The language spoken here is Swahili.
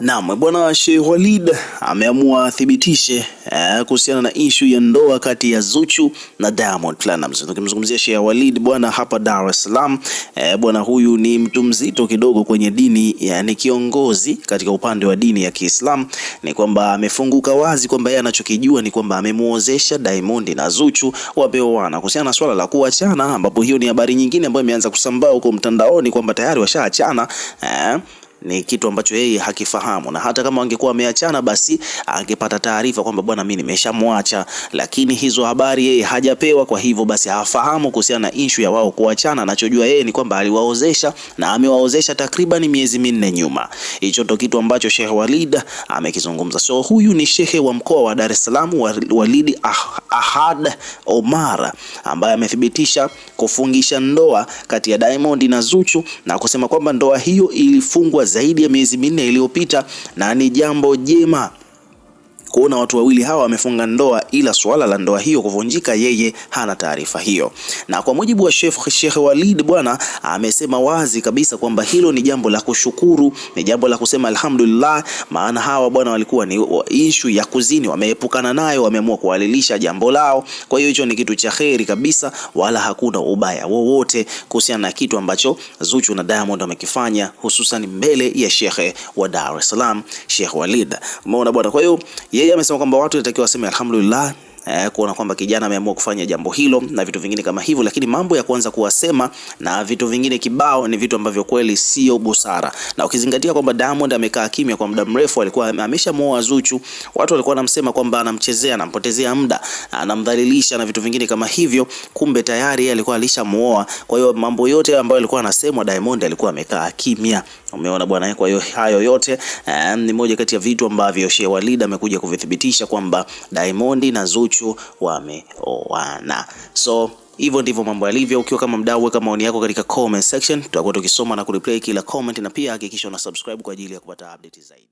Naam, bwana Sheikh Walid ameamua athibitishe eh, kuhusiana na ishu ya ndoa kati ya Zuchu na Diamond Platnumz. Tukimzungumzia Sheikh Walid bwana hapa Dar es Salaam eh, bwana huyu ni mtu mzito kidogo kwenye dini yani kiongozi katika upande wa dini ya Kiislamu. Ni kwamba amefunguka wazi kwamba yeye anachokijua ni kwamba amemuozesha Diamond na Zuchu wapewana kuhusiana na swala la kuachana, ambapo hiyo ni habari nyingine ambayo imeanza kusambaa huko mtandaoni kwamba tayari washaachana eh, ni kitu ambacho yeye hakifahamu, na hata kama angekuwa ameachana basi angepata taarifa kwamba bwana, mimi nimeshamwacha, lakini hizo habari yeye hajapewa. Kwa hivyo basi hafahamu kuhusiana na issue ya wao kuachana. Anachojua yeye ni kwamba aliwaozesha na amewaozesha takriban miezi minne nyuma. Hicho ndo kitu ambacho Sheikh Walid amekizungumza. So huyu ni shehe wa mkoa wa Dar es Salaam Walid ah, Ahad Omar ambaye amethibitisha kufungisha ndoa kati ya Diamond na Zuchu na kusema kwamba ndoa hiyo ilifungwa zaidi ya miezi minne iliyopita na ni jambo jema kuona watu wawili hawa wamefunga ndoa, ila suala la ndoa hiyo kuvunjika, yeye hana taarifa hiyo. Na kwa mujibu wa Sheikh Sheikh Walid bwana amesema wazi kabisa kwamba hilo ni jambo la kushukuru, ni jambo la kusema alhamdulillah, maana hawa bwana walikuwa ni ishu ya kuzini, wameepukana nayo, wameamua kuhalilisha jambo lao. Kwa hiyo hicho ni kitu cha kheri kabisa, wala hakuna ubaya wowote kuhusiana na kitu ambacho Zuchu na Diamond wamekifanya, hususan mbele ya Sheikh wa Dar es Salaam Sheikh Walid. Umeona bwana, kwa hiyo yeye amesema kwamba watu inatakiwa waseme alhamdulillah eh, kuona kwamba kijana ameamua kufanya jambo hilo na vitu vingine kama hivyo, lakini mambo ya kuanza kuwasema na vitu vingine kibao ni vitu ambavyo kweli sio busara, na ukizingatia kwamba Diamond amekaa kimya kwa muda mrefu, alikuwa ameshamuoa Zuchu, watu walikuwa wanamsema kwamba anamchezea, anampotezea muda, anamdhalilisha na vitu vingine kama hivyo, kumbe tayari alikuwa alishamuoa. Kwa hiyo mambo yote ambayo alikuwa anasemwa, Diamond alikuwa amekaa kimya. Umeona bwana. Eh, kwa hiyo hayo yote eh, ni moja kati ya vitu ambavyo Shewalida amekuja kuvithibitisha kwamba Diamond na Zuchu kesho wameoana. So hivyo ndivyo mambo yalivyo. Ukiwa kama mdau, weka maoni yako katika comment section, tutakuwa tukisoma na kureplay kila comment, na pia hakikisha una subscribe kwa ajili ya kupata update zaidi.